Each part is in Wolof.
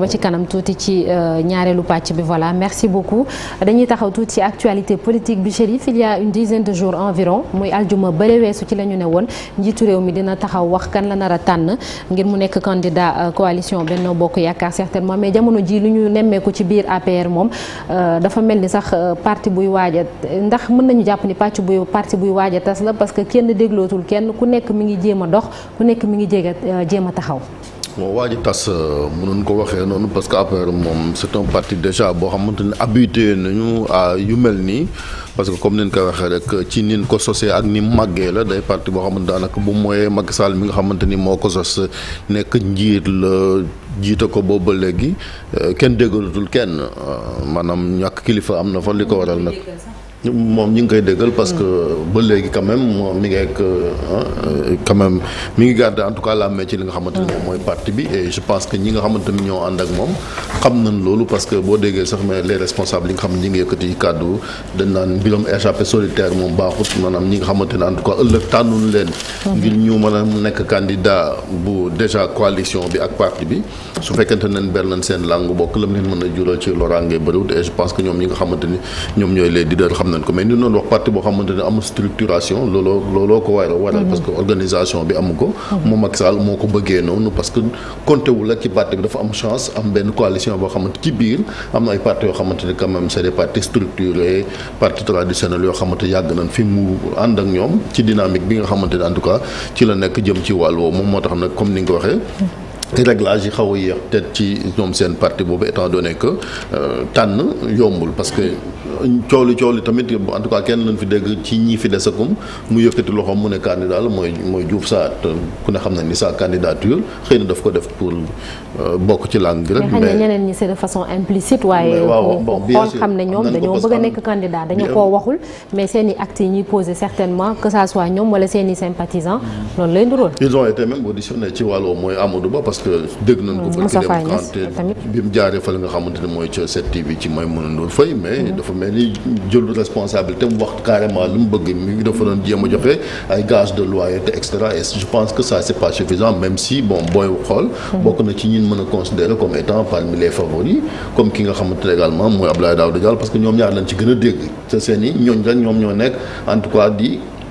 ba ci kanam tuuti ci euh, ñaareelu pàcc bi voilà merci beaucoup dañuy taxaw tuuti ci actualité politique bi Chérif il y a une dizaine de jours environ moy aljuma bële weesu ci lañu ñu njitu woon réew mi dina taxaw wax kan la nar a tànn ngir mu nek candidat euh, coalition Benno Bokk Yaakaar certainement mais jamono ji luñu ñu nemmeeku ci biir APR moom euh, dafa melni sax parti buy wajja ndax mën nañu japp ni patch buy parti buy wajja a tas la parce que kenn déglootul kenn ku nek mi ngi jéem dox ku nek mi ngi jéeg a taxaw moo waa ji tas euh, mënuñ ko waxee noonu parce que APR moom c'est un parti boo xamante ne habitué nañu à yu mel nii parce que comme ni koy waxee rek ci nin ko sosee ak ni màggee la day parti boo xamante daanaka bu mooyee Macky Sall mi nga xamante ni moo ko sos nekk njiit la jiite ko boobu ba léegi euh, kenn déggalatul kenn euh, maanaam ñàkk kilifa am na fa li ko waral nag. moom ñi ngi koy dëggal parce que ba léegi quand même moom mi ngi ak euh, euh, quand même mi ngi garder en tout cas la main ci li nga xamante ni moom mooy parti bi et je pense que ñi nga xamante ni ñoo ànd ak xam nañ loolu parce que boo déggee sax mais les responsables yi nga xam ne ñi ngi yëkkati bi a jural ci nañ ko mais ñu doon wax parti boo xamante ne amul structuration looloo looloo ko waral waral parce que mhm. organisation bi amu ko mhm. moom Macky Sall moo ko bëggee noonu parce que compté wul la ci parti bi dafa am chance am benn coalition boo xamante ci biir am na ay parti yoo xamante ne quand même c'est des partis structurés parti traditionnel yoo xamante yàgg nañ fi mu ànd ak ñoom ci dynamique bi nga xamante ne en tout cas ci la nekk jëm ci wàll woowu moom moo tax nag comme ni nga ko waxee mhm. réglage yi xaw a yéex peut-être ci ñoom seen parti boobu étant donné que euh, tànn yombul parce que coow li tamit en tout cas kenn lañ fi dégg ci ñi fi desagum mu yëkëti loxom mu ne candidat la mooy mooy Diouf Sarr ku ne xam na ni sa candidature xëy na daf ko def pour euh, bokk ci langue bi rek. mais xam na ñeneen ñi c'est de façon implicite. waaye on xam ne ñoom dañoo bëgg a nekk candidat dañu koo waxul mais seen i actes yi ñuy posé certainement que ça soit ñoom wala seen i sympathisant loolu lay nduroon. ils ont été même auditionné ci wàllu mooy Amadou Ba parce que. dégg nañ ko mm, fa. ci Faye tamit bi mu jaaree fa la nga xamante ne mooy ca 7TV ci mooy mën a ndur fay mais mm. dafa mais ni jëlul responsabilité mu wax carrément lu mu bëgg mi dafa doon jéem a joxe ay gage de loyauté et cetera et je pense que ça c'est pas suffisant même si bon bon xool. bokk na ci ñin mën a considérer comme étant parmi les favoris comme ki nga xamante ne également mooy Abdoulaye Daouda Diallo parce que ñoom ñaar lañ ci gën a dégg te seen i ñooñ rek ñoom ñoo nekk en tout cas di.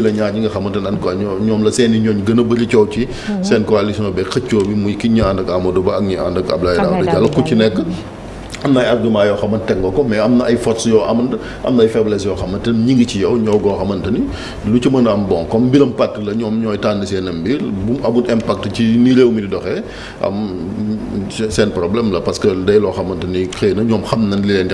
mujj la ñaar ñi nga xamante ne ñoom la seen ñooñ gën a coow ci mhm. seen coalition bi xëccoo bi muy ki ñu ànd ak Amadou Ba ak ñi ànd ak Abdoulaye Daouda Diallo ku ci nekk mhm. am na ay argument yoo xamante teg nga ko mais am na ay force yoo xamante am na ay faiblesse yoo xamante ni ñi ngi ci yow ñoo goo xamante ni lu ci mën am bon comme mbiram pàcc que day loo xamante ni xëy na ñoom xam mm-hmm.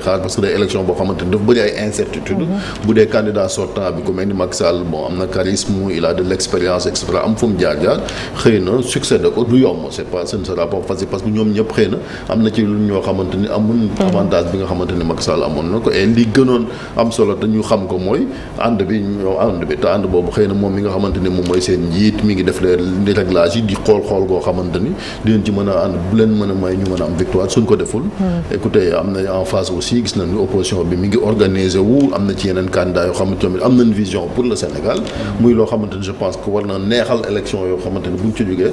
de l' expérience am fu jaar jaar xëy na succès ko du yomb c' pas ce ne sera pas facile parce que ñoom ñëpp xëy na am na ci lu ñoo xamante ni amuñ mm-hmm. avantage bi nga xamante ni Macky Sall amoon na ko et li gënoon am solo te ñu xam ko mooy ànd bi ñoo ànd bi te ànd boobu xëy na moom mi nga xamante ni mooy seen njiit mi ngi def les réglages yi di xool-xool goo xamante ni ci mën a ànd bu mën a may ñu mën a am victoire suñ ko deful mm-hmm. écoutez am nañ en face aussi gis nañu opposition bi mi ngi organiser wu am na ci yeneen candidat yoo xamante tamit am nañ vision pour le Sénégal muy ni je pense que war na neexal élection yoo xamante ni buñ ci jógee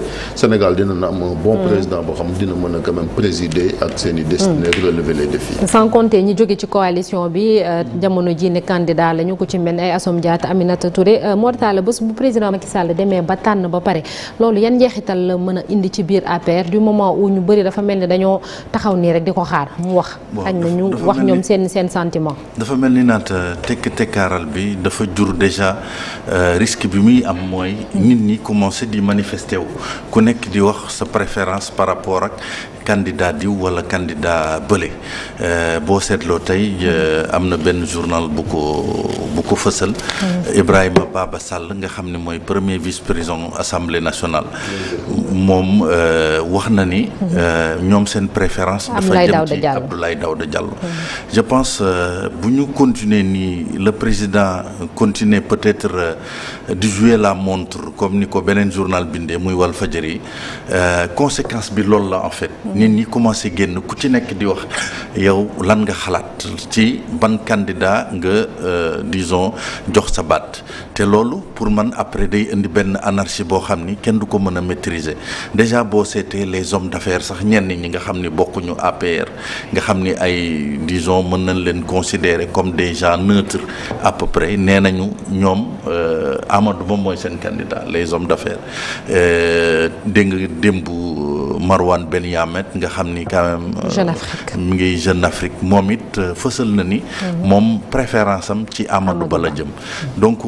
relever les défis. sans compter ñi jóge ci coalition bi euh, jamono ji ne candidat lañu ko ci mel ay Assome Diatta Aminata Touré euh, Mor Talla bés bu président Macky Sall demee ba tànn ba pare loolu yan njeexital la mën a indi ci biir APR du moment où ñu bëri dafa mel ni dañoo taxaw nii rek di ko xaar mu wax. xañ na ñu wax ñoom seen seen sentiment. dafa mel ni naat euh, tekk tekkaaral bi dafa jur déjà risque bi muy am mooy. nit ñi commencé di manifester wu ku nekk di wax sa préférence par rapport ak. candidat diw wala candidat bële euh, boo seetloo tey euh, am amna ben journal beaucoup beaucoup bu ko mm. Ibrahima Baba Sall nga xamné moy premier vice-président assemblée nationale mom euh waxna ni mm-hmm. euh, ñom sen préférence Abdoulaye Daouda Diallo mm-hmm. je pense buñu continuer ni le président continuer peut-être de jouer la montre comme ni ko beneen journal bindé muy euh conséquence bi lool la en fait mm-hmm. nit ñi commencé génn ku ci nekk di wax yow lan nga xalaat ci ban candidat nga euh, disons jox sa baat te loolu pour man après day indi benn anarchie boo xam ni kenn du ko mën a maîtriser déjà boo seetee les hommes d'affaires sax ñenn ñi nga xam ni bokkuñu APR nga xam ni ay disons mën nañ leen considérer comme des gens neutres à peu près nee nañu ñoom euh, Amadou Ba mooy seen candidat les hommes d'affaires euh, dégg nga démb Marwan Ben euh, Jeune Afrique Jeune euh, hmm. préférence Amadou donc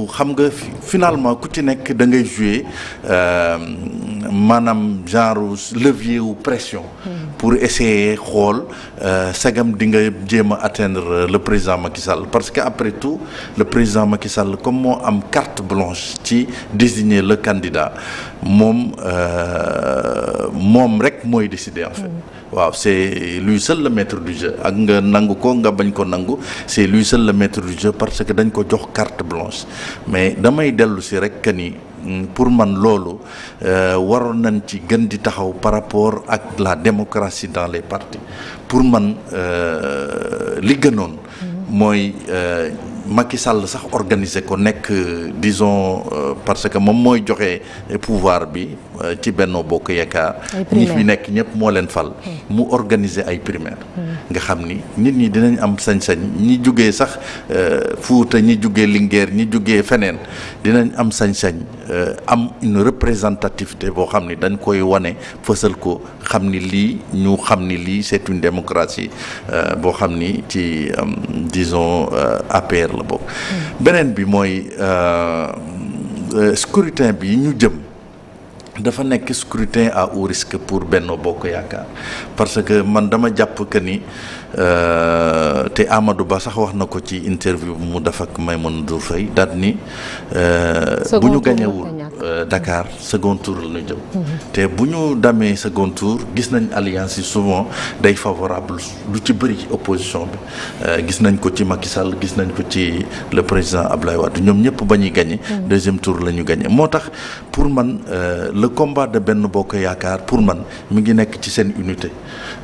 finalement ku ci euh, levier pression. Hmm. pour essayer atteindre le président Macky parce que après tout le président Macky comme carte blanche ci désigner le candidat moom rek mooy décider en fait. waaw c'est lui seul le maître du jeu ak nga nangu ko nga bañ ko nangu c'est lui seul le maître du jeu parce que dañ ko jox carte blanche mais damay dellu si rek que mm, pour man loolu euh, waroon nañ ci gën di taxaw par rapport ak la démocratie dans les partis pour man euh, li gënoon mm-hmm. mooy euh, ki Sall sax organiser ko nekk disons euh, parce que moom mooy joxe pouvoir bi euh, ci Benno Bokk Yaakaar ñi fi nekk ñëpp moo leen fal hmm. mu organiser ay primaire hmm. nga xam ni nit ñi dinañ am sañ-sañ ñi jugee sax euh, Fuuta ñi jugee Linguère ñi jugee feneen dinañ am sañ-sañ euh, am une représentativité boo xam ni dañ koy wane fësal ko xam ni lii ñu xam ni lii c'est une démocratie euh, boo xam ni ci disons APR la bokk. Mm. beneen bi mooy scrutin bi ñu jëm. dafa nekk scrutin à haut risque pour Benno Bokk Yaakaar parce que man dama jàpp que ni euh, te Amadou Ba sax wax na ko ci interview bu mu def ak Maïmouna Ndour Faye daat ni euh, bu ñu gañewul Euh, dakaar second tour la ñu jëm. te bu ñu damee second tour gis nañ alliance yi souvent day favorable lu ci bëri opposition bi euh, gis nañ ko ci Macky Sall gis nañ ko ci le président Abdoulaye Wade ñoom ñëpp ba ñuy gagné. Mm. deuxième tour la ñu gagné moo tax pour man euh, le combat de benn Bokk Yaakaar pour man mi ngi nekk ci seen unité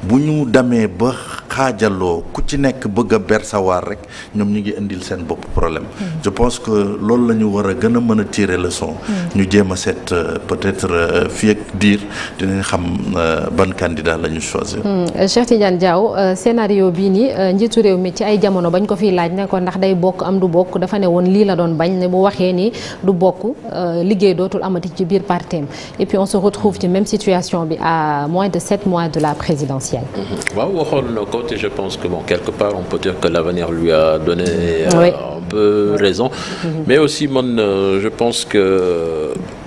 bu ñu demee ba xaajaloo ku ci nekk bëgg a ber sawaar rek ñoom ñu ngi indil seen bopp problème. Mm. je pense que loolu la ñu war a gën a mën a tirer leçon. Mm. ñu jéem euh, peut-être euh, fii dire diir dinañ xam euh, ban candidat lañu ñu choisir. Hmm, Cheikh Tidiane Diaw scénario bi ni njitu réew mi ci ay jamono bañ ko fi laaj ne ko ndax day bok am du bok dafa ne woon lii la don bañ ne bu waxé ni du bok liggéey dotul amati ci biir parteem et puis on se retrouve ci même situation bi à moins de 7 mois de la présidentielle. Mhm. waaw waxoon na ko te je pense que bon quelque part on peut dire que l'avenir lui a donné. Oui. un peu raison. Mm -hmm. mais aussi mon je pense que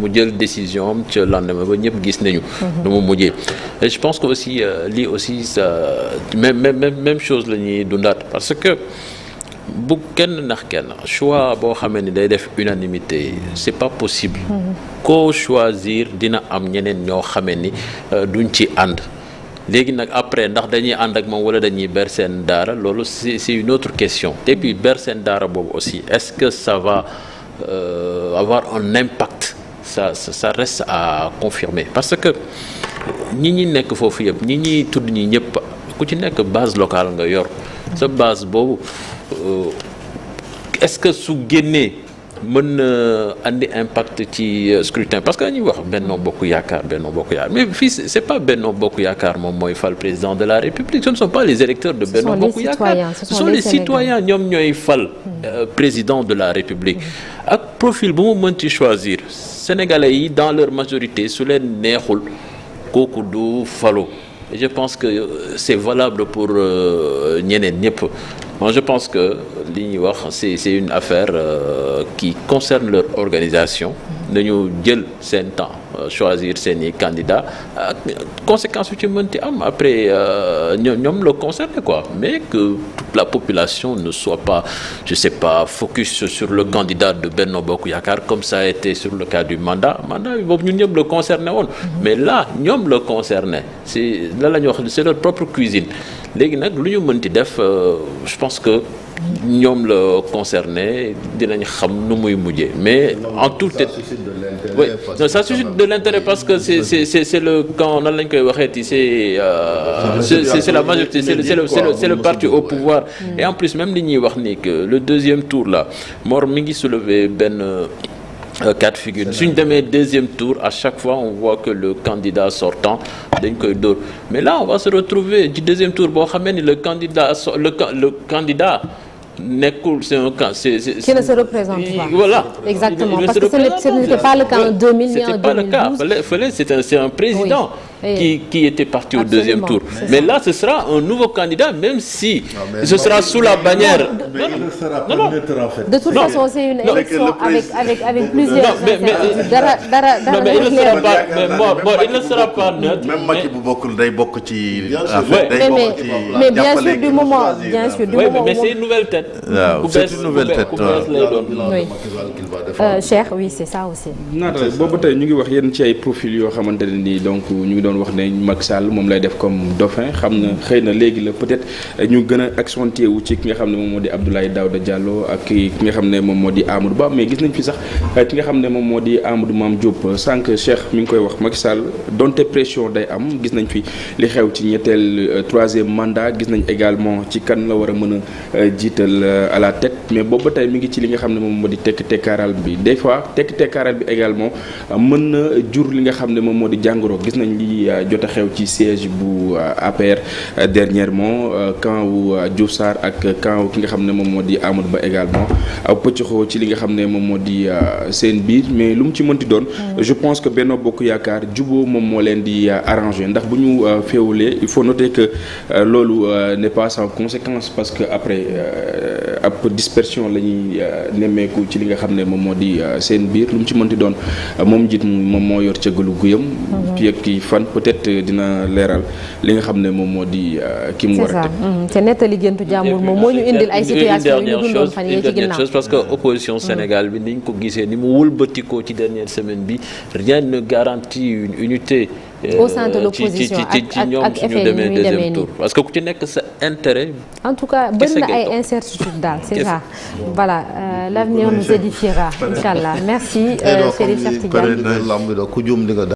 mu jël décision ci ca lendemain ba ñëpp gis nañu. Mhm. nu mu mujjee et je pense que aussi euh, li aussi même même même chose lañuy ñuy parce que. bu kenn nax kenn choix bo xamé ni day def unanimité c'est pas possible mhm. ko choisir dina am ñeneen ñoo xamé ni euh, duñ ci and léegi nak après ndax dañuy and ak mom wala dañuy ber seen daara c'est une autre question et puis ber seen aussi est-ce que ça va euh, avoir un impact ça ça reste à confirmer parce que ñi ñi nekk foofu yëpp ñi ñuy tudd ñi ñëpp ku ci nekk base locale nga yor sa base boobu euh, est-ce que su génnee mon andi impact ci euh, scrutin parce que dañuy wax Benno Bokk Benno Bokk yakar mais fii c' pas Benno mon moi il faut fal président de la République ce ne sont pas les électeurs de Benno Bokk yakar ce sont les citoyens ñoom il fal hmm. euh, président de la République ak profil bu mu tu ci choisir sénégalais dans leur majorité su les neexul kooku du je pense que euh, c'est valable pour euh, Moi, je pense que c'est une affaire euh, qui concerne leur organisation. Nous, avons. temps. Euh, choisir ses candidats euh, conséquence après sommes euh, le concerné quoi mais que toute la population ne soit pas je sais pas focus sur le candidat de Benno Bokk car comme ça a été sur le cas du mandat mandat le concerné mhm. mais là sommes le concerné c'est c'est leur propre cuisine je pense que ñoom le concerné dinañ xam nu muy mujjé mais en tout état ça suscite de l'intérêt parce que c'est c'est c'est le quand on lañ koy euh, c'est c'est c'est la majorité c'est le c'est le c'est le parti au pouvoir mm. et en plus même li wax ni que le deuxième tour là mort mi ngi soulever ben quatre figures suñ démé deuxième tour à chaque fois on voit que le candidat sortant mais là on va se retrouver du deuxième tour bon le candidat le le candidat c'est un camp qui ne se représente pas voilà exactement parce que ce n'était pas le cas en 2000 en 2012 c'était pas le cas C'était c'est un président qui, qui était parti au deuxième tour. Mais là, ce sera un nouveau candidat, même si non, ce sera sous la bannière. Non, mais il sera pas neutre, en fait. De toute façon, c'est une élection avec, avec, avec plusieurs. Non, mais, mais, euh, il ne sera pas, mais, moi, il ne sera pas neutre. Même moi qui vous beaucoup Mais bien sûr, du moment. Bien sûr, Mais c'est une nouvelle tête. C'est une nouvelle tête. Euh, Cher, oui, c'est ça aussi. nous avons un profil, donc nous doon wax né Macky Sall mom lay def comme dauphin xam na xëy na la peut-être ñu gëna a accentué wu ci ki nga xamné mom modi Abdoulaye Daouda Diallo ak ki nga xamné mom modi Amadou Ba mais gis nañ fi sax ki nga xamné mom modi Amadou Mam Diop sank Cheikh mi ngi koy wax Macky Sall donté pression day am gis nañ fi li xew ci ñettel 3e euh, mandat gis nañ également ci kan la wara mëna mën euh, euh, à la tête mais bobu tay tey mi ngi ci li nga xamné mom modi tek tek tekk bi des fois tek tek tekkaaral bi également mëna jur li nga xamné mom modi jangoro gis nañ li li euh, jot xew ci siège bu euh, APR euh, dernièrement quand wu Diouf Sar ak quand ki nga xamné mom modi moo Amadou Ba également xow ci li nga xamné mom modi sen bir mais lu ci mënti doon mm. je pense que Benno Bokk Yaakaar djubo mom mo len di arranger ndax buñu féwulé il faut noter que lolu n'est pas sans conséquence parce que après ap dispersion lañuy néméku ci li nga xamné mom modi sen bir seen lu ci mënti doon mom njiit mom mo yor ci cëggalu guyam mm-hmm. fii ak kii fan peut-être dina parce que mm-hmm. opposition mm-hmm. Sénégal dernière semaine rien ne garantit une unité. au euh, sein de l'opposition parce que ku intérêt. en tout cas c'est voilà euh, l'avenir nous édifiera merci.